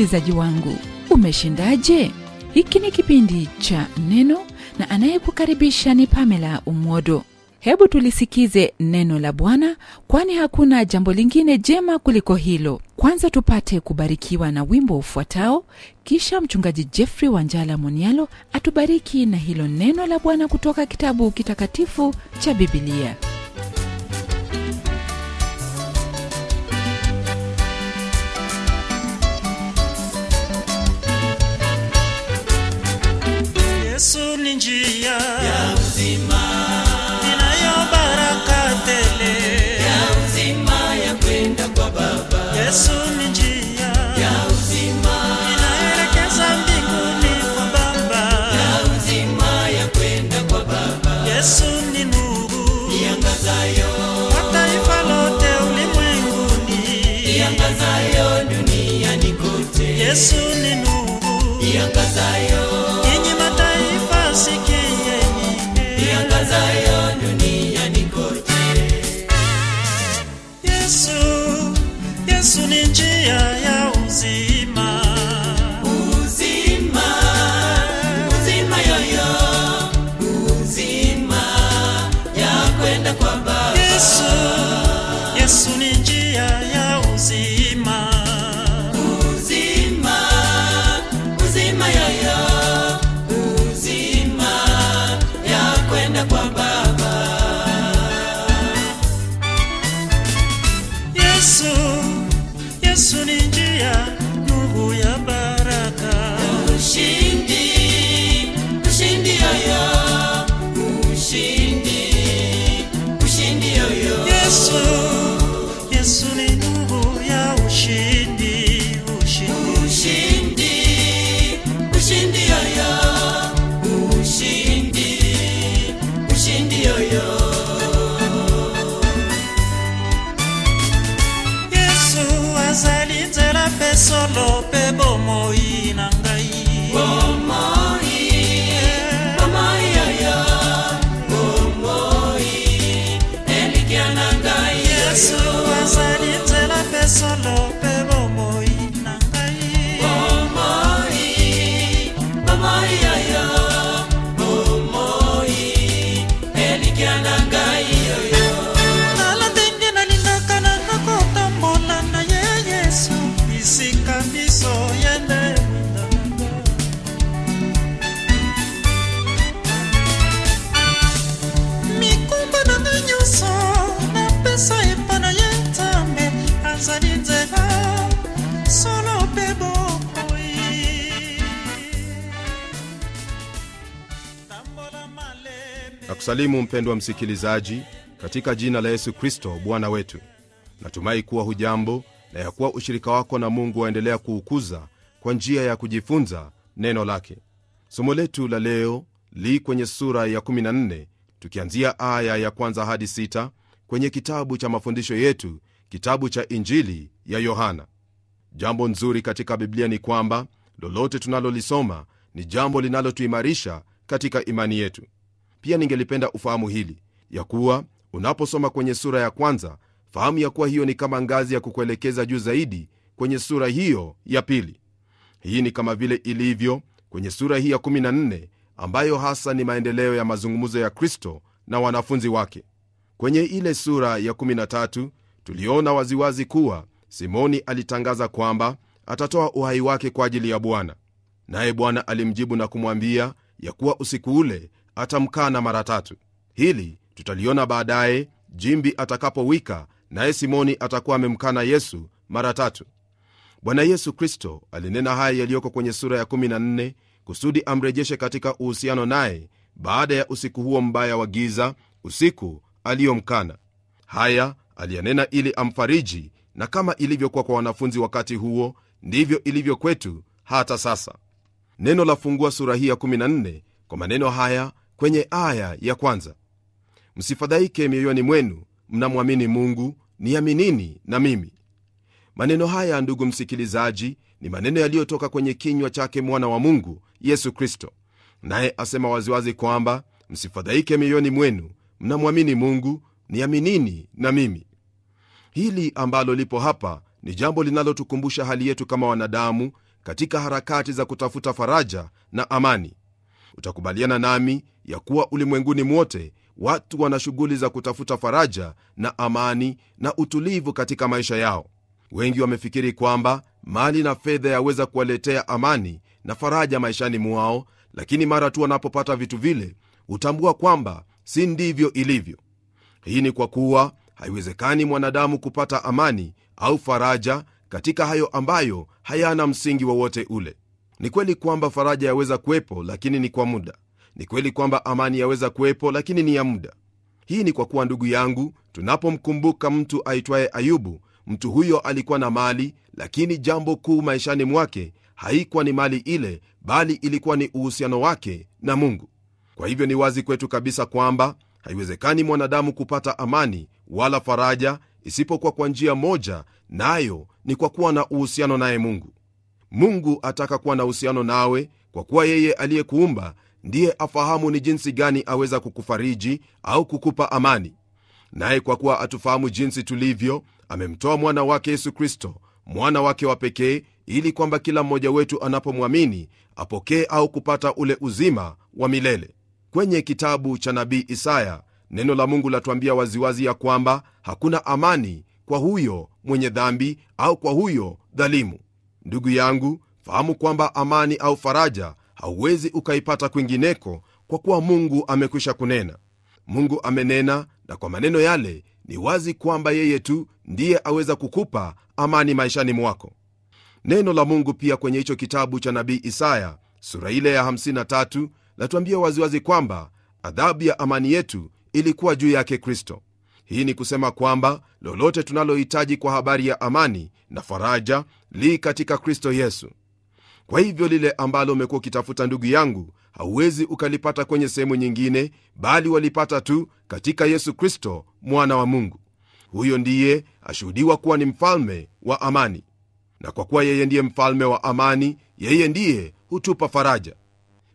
Msikilizaji wangu, umeshindaje? Hiki ni kipindi cha Neno na anayekukaribisha ni Pamela Umodo. Hebu tulisikize neno la Bwana, kwani hakuna jambo lingine jema kuliko hilo. Kwanza tupate kubarikiwa na wimbo ufuatao, kisha mchungaji Jeffrey Wanjala Monialo atubariki na hilo neno la Bwana kutoka kitabu kitakatifu cha Bibilia. kusalimu mpendwa msikilizaji katika jina la yesu kristo bwana wetu natumai kuwa hujambo na ya kuwa ushirika wako na mungu waendelea kuukuza kwa njia ya kujifunza neno lake somo letu la leo li kwenye sura ya 14 tukianzia aya ya kwanza hadi 6 kwenye kitabu cha mafundisho yetu kitabu cha injili ya yohana jambo nzuri katika biblia ni kwamba lolote tunalolisoma ni jambo linalotuimarisha katika imani yetu pia ningelipenda ufahamu hili ya kuwa unaposoma kwenye sura ya kwanza fahamu ya kuwa hiyo ni kama ngazi ya kukuelekeza juu zaidi kwenye sura hiyo ya pili hii ni kama vile ilivyo kwenye sura hii ya 14 ambayo hasa ni maendeleo ya mazungumzo ya kristo na wanafunzi wake kwenye ile sura ya 13 tuliona waziwazi kuwa simoni alitangaza kwamba atatoa uhai wake kwa ajili ya bwana naye bwana alimjibu na kumwambia ya kuwa usiku ule atamkana mara tatu. Hili tutaliona baadaye jimbi atakapowika, naye Simoni atakuwa amemkana Yesu mara tatu. Bwana Yesu Kristo alinena haya yaliyoko kwenye sura ya 14 kusudi amrejeshe katika uhusiano naye baada ya usiku huo mbaya wa giza, usiku aliyomkana. Haya aliyanena ili amfariji, na kama ilivyokuwa kwa wanafunzi wakati huo, ndivyo ilivyo kwetu hata sasa. Neno la fungua sura hii ya 14 kwa maneno haya kwenye aya ya kwanza, msifadhaike mioyoni mwenu, mnamwamini Mungu niaminini na mimi. Maneno haya, ndugu msikilizaji, ni maneno yaliyotoka kwenye kinywa chake mwana wa Mungu Yesu Kristo, naye asema waziwazi kwamba msifadhaike mioyoni mwenu, mnamwamini Mungu niaminini na mimi. Hili ambalo lipo hapa ni jambo linalotukumbusha hali yetu kama wanadamu katika harakati za kutafuta faraja na amani utakubaliana nami ya kuwa ulimwenguni mwote watu wana shughuli za kutafuta faraja na amani na utulivu katika maisha yao. Wengi wamefikiri kwamba mali na fedha yaweza kuwaletea amani na faraja maishani mwao, lakini mara tu wanapopata vitu vile hutambua kwamba si ndivyo ilivyo. Hii ni kwa kuwa haiwezekani mwanadamu kupata amani au faraja katika hayo ambayo hayana msingi wowote ule. Ni kweli kwamba faraja yaweza kuwepo, lakini ni kwa muda. Ni kweli kwamba amani yaweza kuwepo, lakini ni ya muda. Hii ni kwa kuwa, ndugu yangu, tunapomkumbuka mtu aitwaye Ayubu, mtu huyo alikuwa na mali, lakini jambo kuu maishani mwake haikuwa ni mali ile, bali ilikuwa ni uhusiano wake na Mungu. Kwa hivyo ni wazi kwetu kabisa kwamba haiwezekani mwanadamu kupata amani wala faraja isipokuwa kwa njia moja, nayo ni kwa kuwa na uhusiano naye Mungu mungu ataka kuwa na uhusiano nawe kwa kuwa yeye aliyekuumba ndiye afahamu ni jinsi gani aweza kukufariji au kukupa amani naye kwa kuwa atufahamu jinsi tulivyo amemtoa mwana wake yesu kristo mwana wake wa pekee ili kwamba kila mmoja wetu anapomwamini apokee au kupata ule uzima wa milele kwenye kitabu cha nabii isaya neno la mungu latuambia waziwazi ya kwamba hakuna amani kwa huyo mwenye dhambi au kwa huyo dhalimu Ndugu yangu, fahamu kwamba amani au faraja hauwezi ukaipata kwingineko, kwa kuwa Mungu amekwisha kunena. Mungu amenena, na kwa maneno yale ni wazi kwamba yeye tu ndiye aweza kukupa amani maishani mwako. Neno la Mungu pia kwenye hicho kitabu cha nabii Isaya sura ile ya 53 latuambia waziwazi kwamba adhabu ya amani yetu ilikuwa juu yake Kristo. Hii ni kusema kwamba lolote tunalohitaji kwa habari ya amani na faraja li katika Kristo Yesu. Kwa hivyo lile ambalo umekuwa ukitafuta, ndugu yangu, hauwezi ukalipata kwenye sehemu nyingine, bali walipata tu katika Yesu Kristo, mwana wa Mungu. Huyo ndiye ashuhudiwa kuwa ni mfalme wa amani, na kwa kuwa yeye ndiye mfalme wa amani, yeye ndiye hutupa faraja.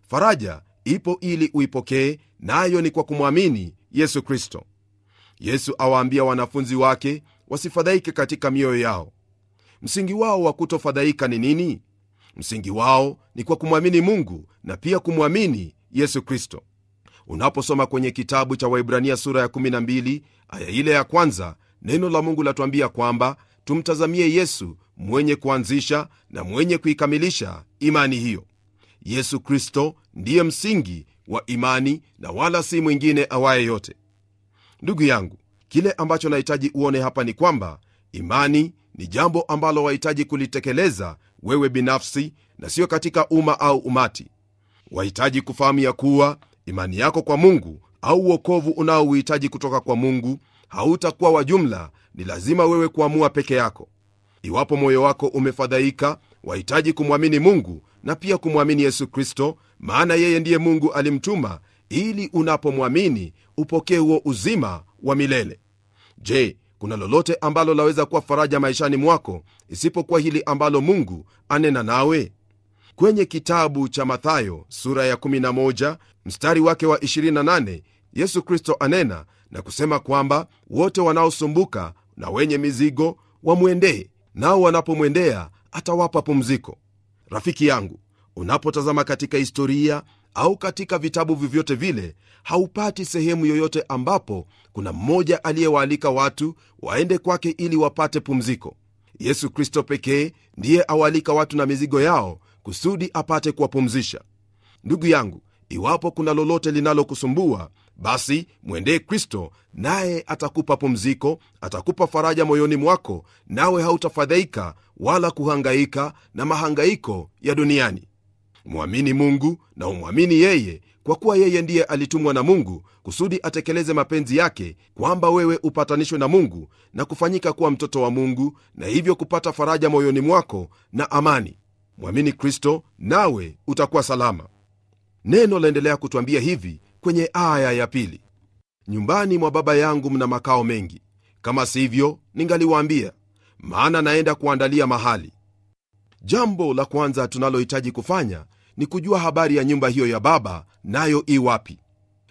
Faraja ipo ili uipokee, nayo ni kwa kumwamini Yesu Kristo yesu awaambia wanafunzi wake wasifadhaike katika mioyo yao msingi wao wa kutofadhaika ni nini msingi wao ni kwa kumwamini mungu na pia kumwamini yesu kristo unaposoma kwenye kitabu cha waibrania sura ya 12 aya ile ya kwanza neno la mungu latuambia kwamba tumtazamie yesu mwenye kuanzisha na mwenye kuikamilisha imani hiyo yesu kristo ndiye msingi wa imani na wala si mwingine awaye yote Ndugu yangu, kile ambacho nahitaji uone hapa ni kwamba imani ni jambo ambalo wahitaji kulitekeleza wewe binafsi na sio katika umma au umati. Wahitaji kufahamu ya kuwa imani yako kwa Mungu au uokovu unaouhitaji kutoka kwa Mungu hautakuwa wa jumla. Ni lazima wewe kuamua peke yako. Iwapo moyo wako umefadhaika, wahitaji kumwamini Mungu na pia kumwamini Yesu Kristo, maana yeye ndiye Mungu alimtuma ili unapomwamini upokee huo uzima wa milele. Je, kuna lolote ambalo laweza kuwa faraja maishani mwako isipokuwa hili ambalo Mungu anena nawe? Kwenye kitabu cha Mathayo sura ya 11 mstari wake wa 28, Yesu Kristo anena na kusema kwamba wote wanaosumbuka na wenye mizigo wamwendee, nao wanapomwendea atawapa pumziko. Rafiki yangu, unapotazama katika historia au katika vitabu vyovyote vile haupati sehemu yoyote ambapo kuna mmoja aliyewaalika watu waende kwake ili wapate pumziko yesu kristo pekee ndiye awaalika watu na mizigo yao kusudi apate kuwapumzisha ndugu yangu iwapo kuna lolote linalokusumbua basi mwendee kristo naye atakupa pumziko atakupa faraja moyoni mwako nawe hautafadhaika wala kuhangaika na mahangaiko ya duniani mwamini Mungu na umwamini yeye, kwa kuwa yeye ndiye alitumwa na Mungu kusudi atekeleze mapenzi yake, kwamba wewe upatanishwe na Mungu na kufanyika kuwa mtoto wa Mungu, na hivyo kupata faraja moyoni mwako na amani. Mwamini Kristo nawe utakuwa salama. Neno laendelea kutwambia hivi kwenye aya ya pili: nyumbani mwa Baba yangu mna makao mengi, kama sivyo ningaliwaambia, maana naenda kuandalia mahali. Jambo la kwanza tunalohitaji kufanya ni kujua habari ya nyumba hiyo ya baba, nayo i wapi.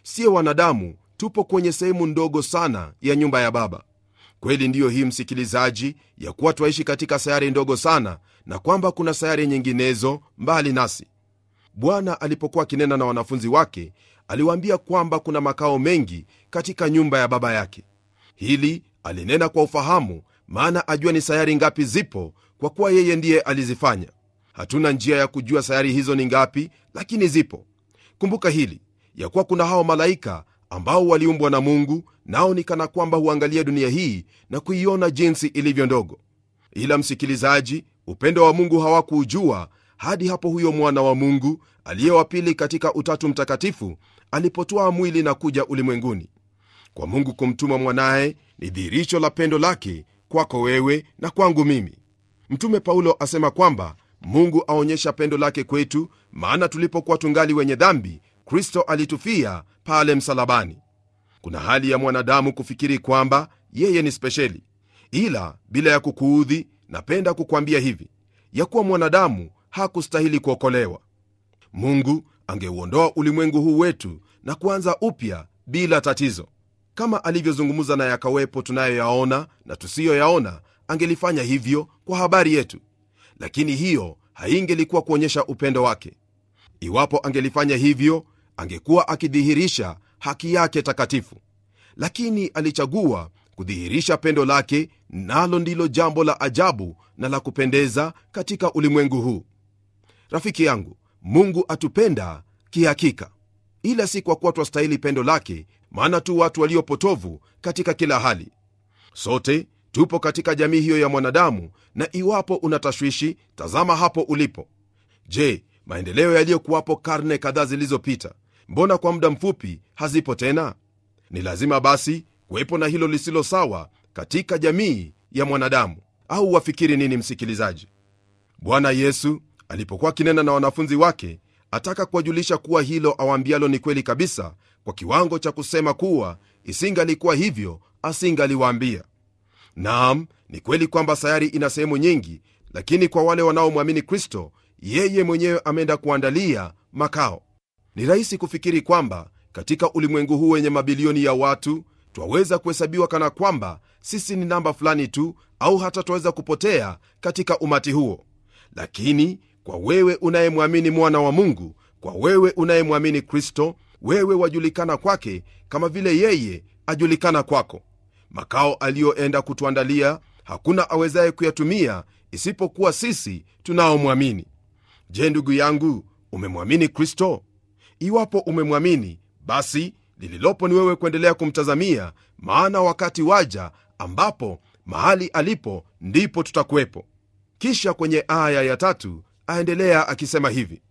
Siye wanadamu, tupo kwenye sehemu ndogo sana ya nyumba ya baba. Kweli ndiyo hii, msikilizaji, ya kuwa twaishi katika sayari ndogo sana, na kwamba kuna sayari nyinginezo mbali nasi. Bwana alipokuwa akinena na wanafunzi wake, aliwaambia kwamba kuna makao mengi katika nyumba ya baba yake. Hili alinena kwa ufahamu, maana ajua ni sayari ngapi zipo, kwa kuwa yeye ndiye alizifanya hatuna njia ya kujua sayari hizo ni ngapi lakini zipo kumbuka hili ya kuwa kuna hao malaika ambao waliumbwa na mungu nao ni kana kwamba huangalia dunia hii na kuiona jinsi ilivyo ndogo ila msikilizaji upendo wa mungu hawakuujua hadi hapo huyo mwana wa mungu aliye wa pili katika utatu mtakatifu alipotwaa mwili na kuja ulimwenguni kwa mungu kumtuma mwanaye ni dhihirisho la pendo lake kwako wewe na kwangu mimi mtume paulo asema kwamba Mungu aonyesha pendo lake kwetu, maana tulipokuwa tungali wenye dhambi, Kristo alitufia pale msalabani. Kuna hali ya mwanadamu kufikiri kwamba yeye ni spesheli, ila bila ya kukuudhi, napenda kukwambia hivi ya kuwa mwanadamu hakustahili kuokolewa. Mungu angeuondoa ulimwengu huu wetu na kuanza upya bila tatizo, kama alivyozungumza na yakawepo tunayoyaona na tusiyoyaona, angelifanya hivyo kwa habari yetu lakini hiyo haingelikuwa kuonyesha upendo wake. Iwapo angelifanya hivyo, angekuwa akidhihirisha haki yake takatifu, lakini alichagua kudhihirisha pendo lake, nalo ndilo jambo la ajabu na la kupendeza katika ulimwengu huu. Rafiki yangu, Mungu atupenda kihakika, ila si kwa kuwa twastahili pendo lake, maana tu watu waliopotovu katika kila hali. Sote Tupo katika jamii hiyo ya mwanadamu, na iwapo una tashwishi, tazama hapo ulipo. Je, maendeleo yaliyokuwapo karne kadhaa zilizopita, mbona kwa muda mfupi hazipo tena? Ni lazima basi kuwepo na hilo lisilo sawa katika jamii ya mwanadamu. Au wafikiri nini, msikilizaji? Bwana Yesu alipokuwa akinena na wanafunzi wake, ataka kuwajulisha kuwa hilo awambialo ni kweli kabisa, kwa kiwango cha kusema kuwa isingalikuwa hivyo asingaliwaambia naam ni kweli kwamba sayari ina sehemu nyingi lakini kwa wale wanaomwamini kristo yeye mwenyewe ameenda kuandalia makao ni rahisi kufikiri kwamba katika ulimwengu huu wenye mabilioni ya watu twaweza kuhesabiwa kana kwamba sisi ni namba fulani tu au hata twaweza kupotea katika umati huo lakini kwa wewe unayemwamini mwana wa mungu kwa wewe unayemwamini kristo wewe wajulikana kwake kama vile yeye ajulikana kwako makao aliyoenda kutuandalia hakuna awezaye kuyatumia isipokuwa sisi tunaomwamini. Je, ndugu yangu, umemwamini Kristo? Iwapo umemwamini, basi lililopo ni wewe kuendelea kumtazamia, maana wakati waja ambapo mahali alipo ndipo tutakuwepo. Kisha kwenye aya ya tatu aendelea akisema hivi: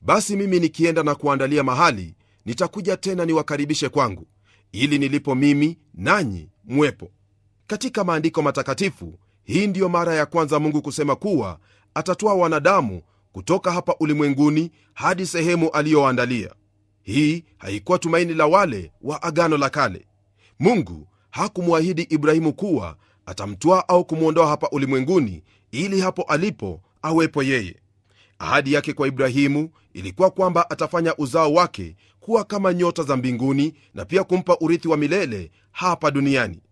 basi mimi nikienda na kuandalia mahali, nitakuja tena niwakaribishe kwangu, ili nilipo mimi nanyi mwepo katika maandiko matakatifu. Hii ndiyo mara ya kwanza Mungu kusema kuwa atatoa wanadamu kutoka hapa ulimwenguni hadi sehemu aliyoandalia. Hii haikuwa tumaini la wale wa Agano la Kale. Mungu hakumwahidi Ibrahimu kuwa atamtwaa au kumwondoa hapa ulimwenguni ili hapo alipo awepo yeye. Ahadi yake kwa Ibrahimu ilikuwa kwamba atafanya uzao wake kuwa kama nyota za mbinguni na pia kumpa urithi wa milele hapa duniani.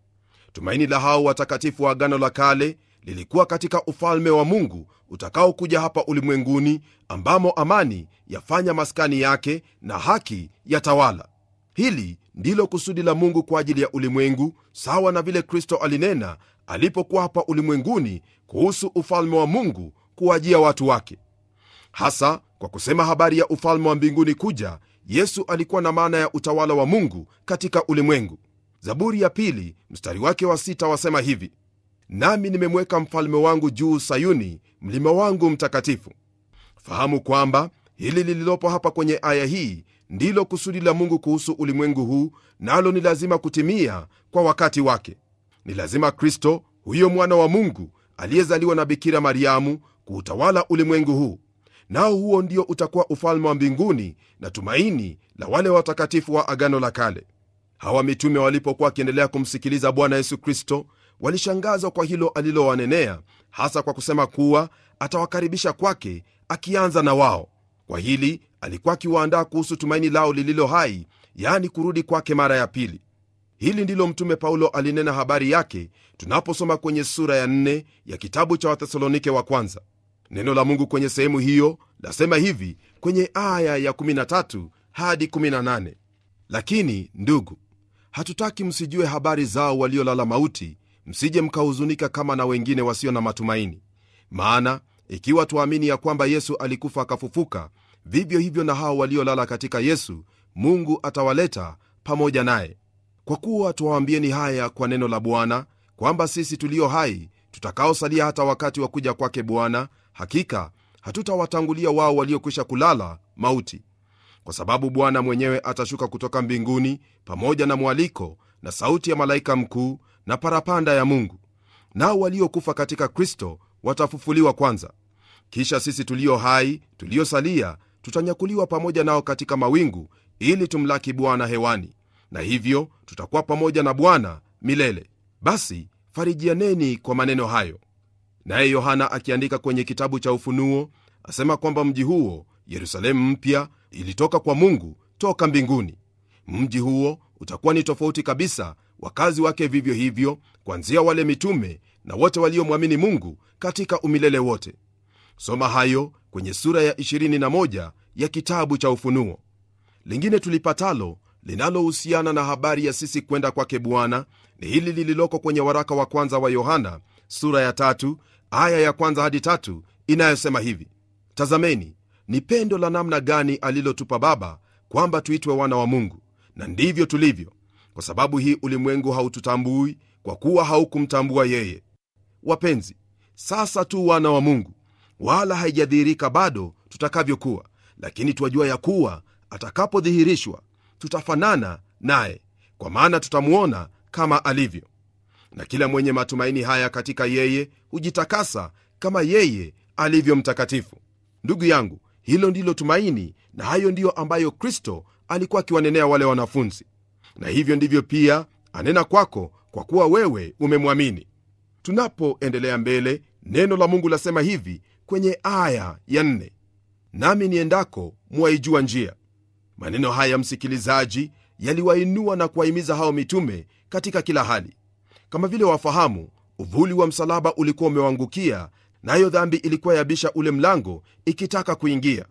Tumaini la hao watakatifu wa Agano la Kale lilikuwa katika ufalme wa Mungu utakaokuja hapa ulimwenguni, ambamo amani yafanya maskani yake na haki yatawala. Hili ndilo kusudi la Mungu kwa ajili ya ulimwengu, sawa na vile Kristo alinena alipokuwa hapa ulimwenguni kuhusu ufalme wa Mungu kuwajia watu wake hasa kwa kusema habari ya ufalme wa mbinguni kuja. Yesu alikuwa na maana ya utawala wa Mungu katika ulimwengu. Zaburi ya pili mstari wake wa sita wasema hivi: nami nimemweka mfalme wangu juu Sayuni, mlima wangu mtakatifu. Fahamu kwamba hili lililopo hapa kwenye aya hii ndilo kusudi la Mungu kuhusu ulimwengu huu, nalo ni lazima kutimia kwa wakati wake. Ni lazima Kristo, huyo mwana wa Mungu aliyezaliwa na Bikira Mariamu, kuutawala ulimwengu huu nao huo ndio utakuwa ufalme wa mbinguni na tumaini la wale watakatifu wa agano la kale. Hawa mitume walipokuwa wakiendelea kumsikiliza Bwana Yesu Kristo, walishangazwa kwa hilo alilowanenea, hasa kwa kusema kuwa atawakaribisha kwake akianza na wao. Kwa hili alikuwa akiwaandaa kuhusu tumaini lao lililo hai, yani kurudi kwake mara ya pili. Hili ndilo Mtume Paulo alinena habari yake tunaposoma kwenye sura ya 4 ya kitabu cha Wathesalonike wa kwanza neno la mungu kwenye sehemu hiyo lasema hivi kwenye aya ya 13 hadi 18 lakini ndugu hatutaki msijue habari zao waliolala mauti msije mkahuzunika kama na wengine wasio na matumaini maana ikiwa twaamini ya kwamba yesu alikufa akafufuka vivyo hivyo na hao waliolala katika yesu mungu atawaleta pamoja naye kwa kuwa tuwaambieni haya kwa neno la bwana kwamba sisi tulio hai tutakaosalia hata wakati wa kuja kwake bwana hakika hatutawatangulia wao waliokwisha kulala mauti kwa sababu bwana mwenyewe atashuka kutoka mbinguni pamoja na mwaliko na sauti ya malaika mkuu na parapanda ya mungu nao waliokufa katika kristo watafufuliwa kwanza kisha sisi tulio hai tuliosalia tutanyakuliwa pamoja nao katika mawingu ili tumlaki bwana hewani na hivyo tutakuwa pamoja na bwana milele basi farijianeni kwa maneno hayo Naye Yohana akiandika kwenye kitabu cha Ufunuo asema kwamba mji huo Yerusalemu mpya ilitoka kwa Mungu toka mbinguni. Mji huo utakuwa ni tofauti kabisa, wakazi wake vivyo hivyo, kuanzia wale mitume na wote waliomwamini Mungu katika umilele wote. Soma hayo kwenye sura ya 21 ya kitabu cha Ufunuo. Lingine tulipatalo linalohusiana na habari ya sisi kwenda kwake Bwana ni hili lililoko kwenye waraka wa kwanza wa Yohana sura ya tatu aya ya kwanza hadi tatu inayosema hivi tazameni ni pendo la namna gani alilotupa baba kwamba tuitwe wana wa mungu na ndivyo tulivyo kwa sababu hii ulimwengu haututambui kwa kuwa haukumtambua yeye wapenzi sasa tu wana wa mungu wala haijadhihirika bado tutakavyokuwa lakini twajua ya kuwa atakapodhihirishwa tutafanana naye kwa maana tutamwona kama alivyo na kila mwenye matumaini haya katika yeye hujitakasa kama yeye alivyo mtakatifu. Ndugu yangu, hilo ndilo tumaini, na hayo ndiyo ambayo Kristo alikuwa akiwanenea wale wanafunzi, na hivyo ndivyo pia anena kwako, kwa kuwa wewe umemwamini. Tunapoendelea mbele, neno la Mungu lasema hivi kwenye aya ya nne, nami niendako mwaijua njia. Maneno haya, msikilizaji, yaliwainua na kuwahimiza hao mitume katika kila hali kama vile wafahamu, uvuli wa msalaba ulikuwa umewangukia, nayo dhambi ilikuwa yabisha ule mlango ikitaka kuingia.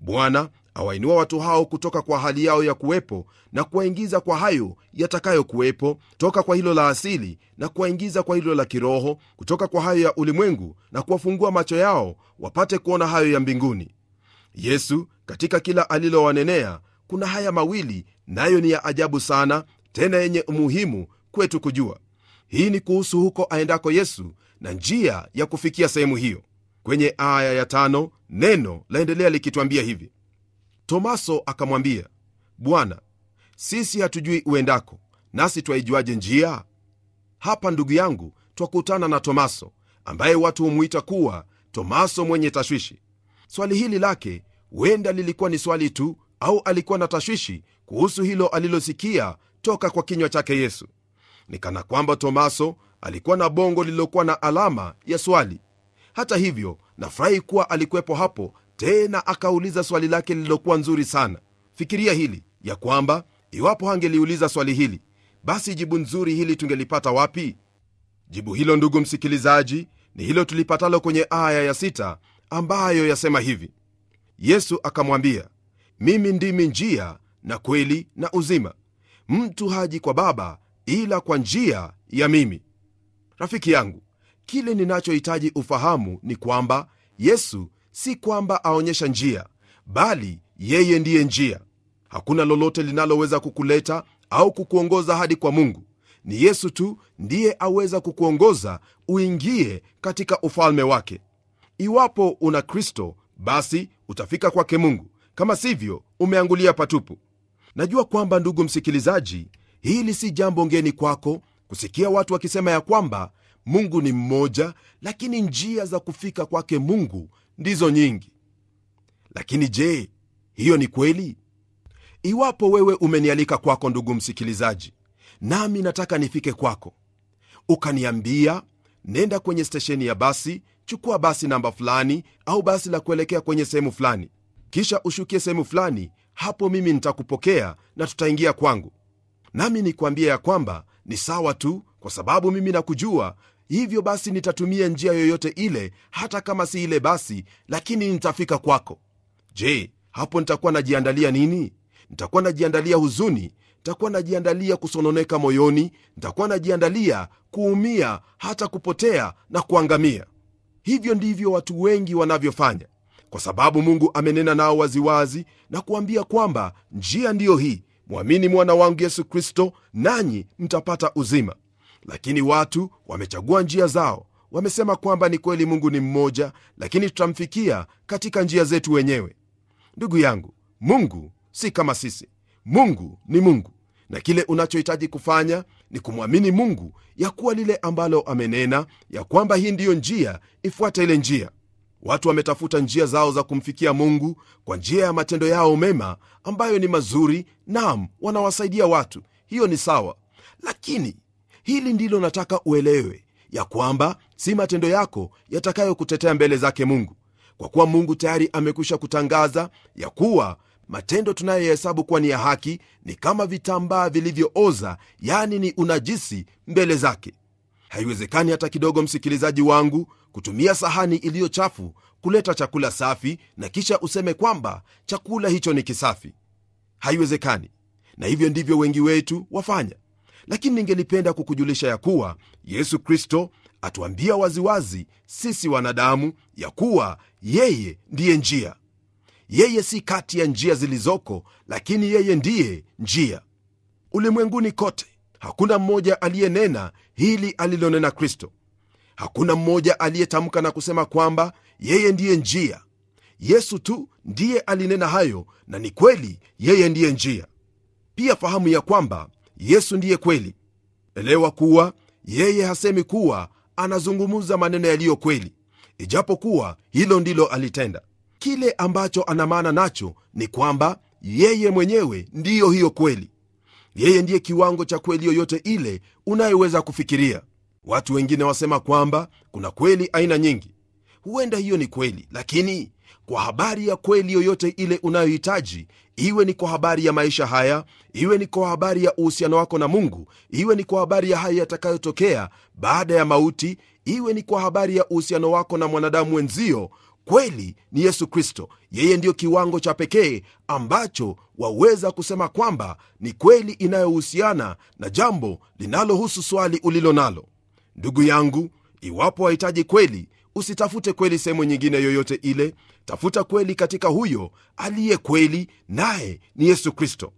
Bwana awainua watu hao kutoka kwa hali yao ya kuwepo na kuwaingiza kwa hayo yatakayokuwepo, toka kwa hilo la asili na kuwaingiza kwa hilo la kiroho, kutoka kwa hayo ya ulimwengu na kuwafungua macho yao wapate kuona hayo ya mbinguni. Yesu katika kila alilowanenea kuna haya mawili, nayo ni ya ajabu sana, tena yenye umuhimu kwetu kujua. Hii ni kuhusu huko aendako Yesu na njia ya kufikia sehemu hiyo. Kwenye aya ya tano neno laendelea likitwambia hivi: Tomaso akamwambia, Bwana, sisi hatujui uendako, nasi twaijuaje njia? Hapa ndugu yangu, twakutana na Tomaso ambaye watu humwita kuwa Tomaso mwenye tashwishi. Swali hili lake huenda lilikuwa ni swali tu, au alikuwa na tashwishi kuhusu hilo alilosikia toka kwa kinywa chake Yesu. Ni kana kwamba Tomaso alikuwa na bongo lililokuwa na alama ya swali. Hata hivyo, nafurahi kuwa alikuwepo hapo, tena akauliza swali lake lililokuwa nzuri sana. Fikiria hili ya kwamba iwapo hangeliuliza swali hili, basi jibu nzuri hili tungelipata wapi? Jibu hilo, ndugu msikilizaji, ni hilo tulipatalo kwenye aya ya sita ambayo yasema hivi: Yesu akamwambia, mimi ndimi njia na kweli na uzima, mtu haji kwa Baba ila kwa njia ya mimi. Rafiki yangu, kile ninachohitaji ufahamu ni kwamba Yesu si kwamba aonyesha njia, bali yeye ndiye njia. Hakuna lolote linaloweza kukuleta au kukuongoza hadi kwa Mungu. Ni Yesu tu ndiye aweza kukuongoza uingie katika ufalme wake. Iwapo una Kristo, basi utafika kwake Mungu, kama sivyo umeangulia patupu. Najua kwamba ndugu msikilizaji, Hili si jambo ngeni kwako kusikia watu wakisema ya kwamba Mungu ni mmoja, lakini njia za kufika kwake Mungu ndizo nyingi. Lakini je, hiyo ni kweli? Iwapo wewe umenialika kwako, ndugu msikilizaji, nami nataka nifike kwako, ukaniambia nenda kwenye stesheni ya basi, chukua basi namba fulani au basi la kuelekea kwenye sehemu fulani, kisha ushukie sehemu fulani. Hapo mimi nitakupokea na tutaingia kwangu nami nikwambie ya kwamba ni sawa tu, kwa sababu mimi nakujua. Hivyo basi nitatumia njia yoyote ile, hata kama si ile basi, lakini nitafika kwako. Je, hapo nitakuwa najiandalia nini? Nitakuwa najiandalia huzuni, nitakuwa najiandalia kusononeka moyoni, nitakuwa najiandalia kuumia, hata kupotea na kuangamia. Hivyo ndivyo watu wengi wanavyofanya, kwa sababu Mungu amenena nao waziwazi na kuambia kwamba njia ndiyo hii, mwamini mwana wangu Yesu Kristo, nanyi mtapata uzima. Lakini watu wamechagua njia zao, wamesema kwamba ni kweli Mungu ni mmoja, lakini tutamfikia katika njia zetu wenyewe. Ndugu yangu, Mungu si kama sisi. Mungu ni Mungu, na kile unachohitaji kufanya ni kumwamini Mungu ya kuwa lile ambalo amenena ya kwamba hii ndiyo njia, ifuate ile njia. Watu wametafuta njia zao za kumfikia Mungu kwa njia ya matendo yao mema ambayo ni mazuri. nam wanawasaidia watu, hiyo ni sawa, lakini hili ndilo nataka uelewe, ya kwamba si matendo yako yatakayokutetea mbele zake Mungu, kwa kuwa Mungu tayari amekwisha kutangaza ya kuwa matendo tunayohesabu kuwa ni ya haki ni kama vitambaa vilivyooza, yani ni unajisi mbele zake. Haiwezekani hata kidogo, msikilizaji wangu, kutumia sahani iliyo chafu kuleta chakula safi na kisha useme kwamba chakula hicho ni kisafi. Haiwezekani, na hivyo ndivyo wengi wetu wafanya. Lakini ningelipenda kukujulisha ya kuwa Yesu Kristo atuambia waziwazi sisi wanadamu ya kuwa yeye ndiye njia. Yeye si kati ya njia zilizoko, lakini yeye ndiye njia. Ulimwenguni kote hakuna mmoja aliyenena hili alilonena kristo hakuna mmoja aliyetamka na kusema kwamba yeye ndiye njia yesu tu ndiye alinena hayo na ni kweli yeye ndiye njia pia fahamu ya kwamba yesu ndiye kweli elewa kuwa yeye hasemi kuwa anazungumza maneno yaliyo kweli ijapokuwa hilo ndilo alitenda kile ambacho anamaana nacho ni kwamba yeye mwenyewe ndiyo hiyo kweli yeye ndiye kiwango cha kweli yoyote ile unayeweza kufikiria watu wengine wasema kwamba kuna kweli aina nyingi huenda hiyo ni kweli lakini kwa habari ya kweli yoyote ile unayohitaji iwe ni kwa habari ya maisha haya iwe ni kwa habari ya uhusiano wako na mungu iwe ni kwa habari ya haya yatakayotokea baada ya mauti iwe ni kwa habari ya uhusiano wako na mwanadamu wenzio kweli ni Yesu Kristo. Yeye ndiyo kiwango cha pekee ambacho waweza kusema kwamba ni kweli inayohusiana na jambo linalohusu swali ulilo nalo. Ndugu yangu, iwapo wahitaji kweli, usitafute kweli sehemu nyingine yoyote ile. Tafuta kweli katika huyo aliye kweli, naye ni Yesu Kristo.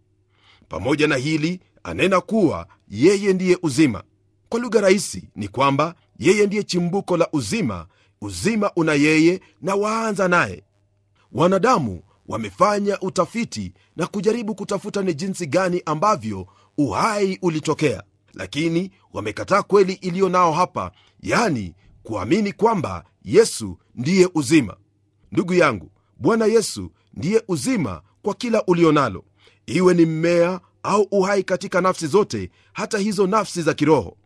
Pamoja na hili, anena kuwa yeye ndiye uzima. Kwa lugha rahisi, ni kwamba yeye ndiye chimbuko la uzima uzima una yeye na waanza naye wanadamu wamefanya utafiti na kujaribu kutafuta ni jinsi gani ambavyo uhai ulitokea lakini wamekataa kweli iliyo nao hapa yani kuamini kwamba yesu ndiye uzima ndugu yangu bwana yesu ndiye uzima kwa kila ulio nalo iwe ni mmea au uhai katika nafsi zote hata hizo nafsi za kiroho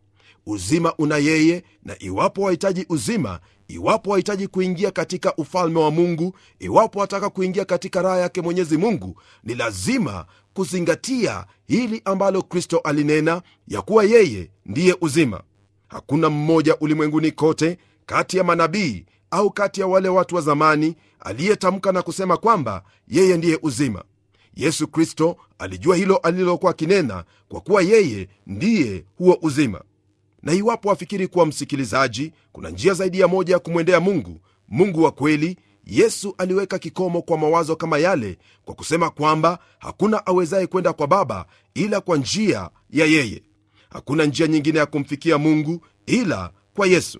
uzima una yeye na iwapo wahitaji uzima iwapo wahitaji kuingia katika ufalme wa mungu iwapo wataka kuingia katika raha yake mwenyezi mungu ni lazima kuzingatia hili ambalo kristo alinena ya kuwa yeye ndiye uzima hakuna mmoja ulimwenguni kote kati ya manabii au kati ya wale watu wa zamani aliyetamka na kusema kwamba yeye ndiye uzima yesu kristo alijua hilo alilokuwa akinena kwa kuwa yeye ndiye huo uzima na iwapo wafikiri kuwa msikilizaji kuna njia zaidi ya moja ya kumwendea mungu mungu wa kweli yesu aliweka kikomo kwa mawazo kama yale kwa kusema kwamba hakuna awezaye kwenda kwa baba ila kwa njia ya yeye hakuna njia nyingine ya kumfikia mungu ila kwa yesu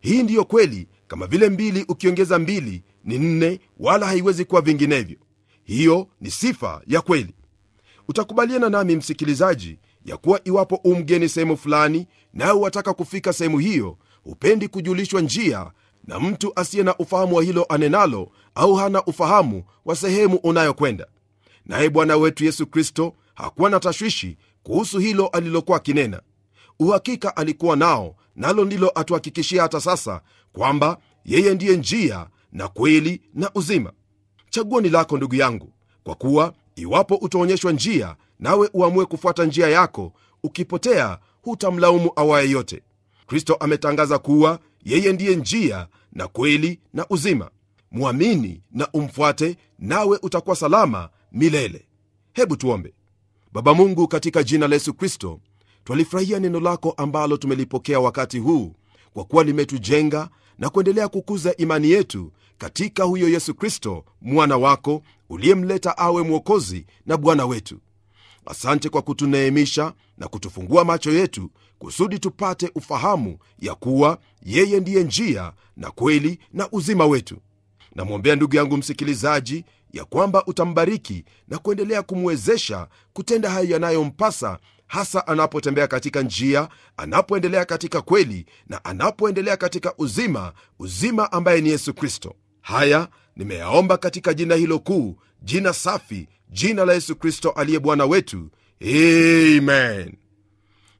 hii ndiyo kweli kama vile mbili ukiongeza mbili ni nne wala haiwezi kuwa vinginevyo hiyo ni sifa ya kweli utakubaliana nami msikilizaji ya kuwa iwapo umgeni sehemu fulani nawe wataka kufika sehemu hiyo hupendi kujulishwa njia na mtu asiye na ufahamu wa hilo anenalo au hana ufahamu wa sehemu unayokwenda naye bwana wetu yesu kristo hakuwa na tashwishi kuhusu hilo alilokuwa akinena uhakika alikuwa nao nalo ndilo atuhakikishia hata sasa kwamba yeye ndiye njia na kweli na uzima chaguo ni lako ndugu yangu kwa kuwa iwapo utaonyeshwa njia nawe uamue kufuata njia yako. Ukipotea hutamlaumu awaye yote. Kristo ametangaza kuwa yeye ndiye njia na kweli na uzima. Mwamini na umfuate, nawe utakuwa salama milele. Hebu tuombe. Baba Mungu, katika jina la Yesu Kristo, twalifurahia neno lako ambalo tumelipokea wakati huu, kwa kuwa limetujenga na kuendelea kukuza imani yetu katika huyo Yesu Kristo mwana wako uliyemleta awe mwokozi na Bwana wetu. Asante kwa kutuneemisha na kutufungua macho yetu kusudi tupate ufahamu ya kuwa yeye ndiye njia na kweli na uzima wetu. Namwombea ndugu yangu msikilizaji ya kwamba utambariki na kuendelea kumwezesha kutenda hayo yanayompasa hasa anapotembea katika njia, anapoendelea katika kweli na anapoendelea katika uzima, uzima ambaye ni Yesu Kristo. Haya nimeyaomba katika jina hilo kuu, jina safi jina la Yesu Kristo aliye Bwana wetu, amen.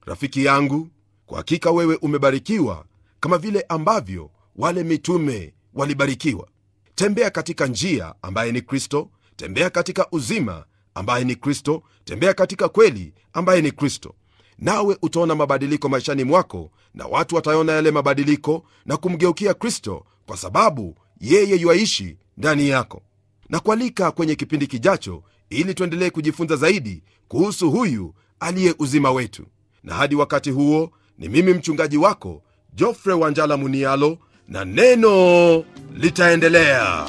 Rafiki yangu, kwa hakika wewe umebarikiwa kama vile ambavyo wale mitume walibarikiwa. Tembea katika njia ambaye ni Kristo, tembea katika uzima ambaye ni Kristo, tembea katika kweli ambaye ni Kristo, nawe utaona mabadiliko maishani mwako, na watu wataona yale mabadiliko na kumgeukia Kristo, kwa sababu yeye yuaishi ndani yako. Na kualika kwenye kipindi kijacho ili tuendelee kujifunza zaidi kuhusu huyu aliye uzima wetu na hadi wakati huo ni mimi mchungaji wako jofre wanjala munialo na neno litaendelea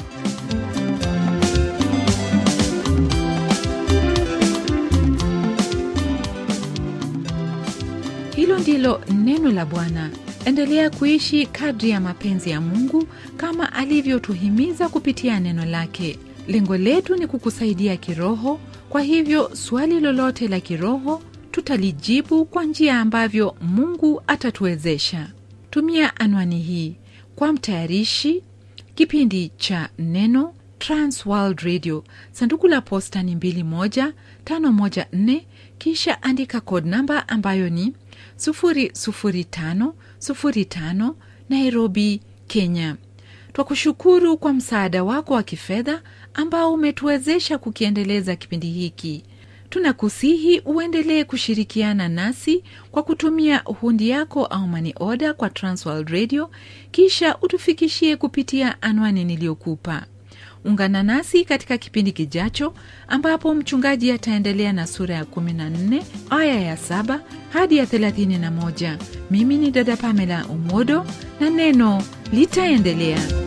hilo ndilo neno la bwana endelea kuishi kadri ya mapenzi ya mungu kama alivyotuhimiza kupitia neno lake Lengo letu ni kukusaidia kiroho, kwa hivyo swali lolote la kiroho tutalijibu kwa njia ambavyo Mungu atatuwezesha. Tumia anwani hii kwa mtayarishi kipindi cha Neno, transworld Radio, sanduku la posta ni 21514, kisha andika code namba ambayo ni 00505 Nairobi, Kenya. Twakushukuru kwa msaada wako wa kifedha ambao umetuwezesha kukiendeleza kipindi hiki. Tunakusihi uendelee kushirikiana nasi kwa kutumia hundi yako au mani oda kwa Transworld Radio, kisha utufikishie kupitia anwani niliyokupa. Ungana nasi katika kipindi kijacho, ambapo mchungaji ataendelea na sura ya 14 aya ya 7 hadi ya 31. Mimi ni dada Pamela Umodo na neno litaendelea.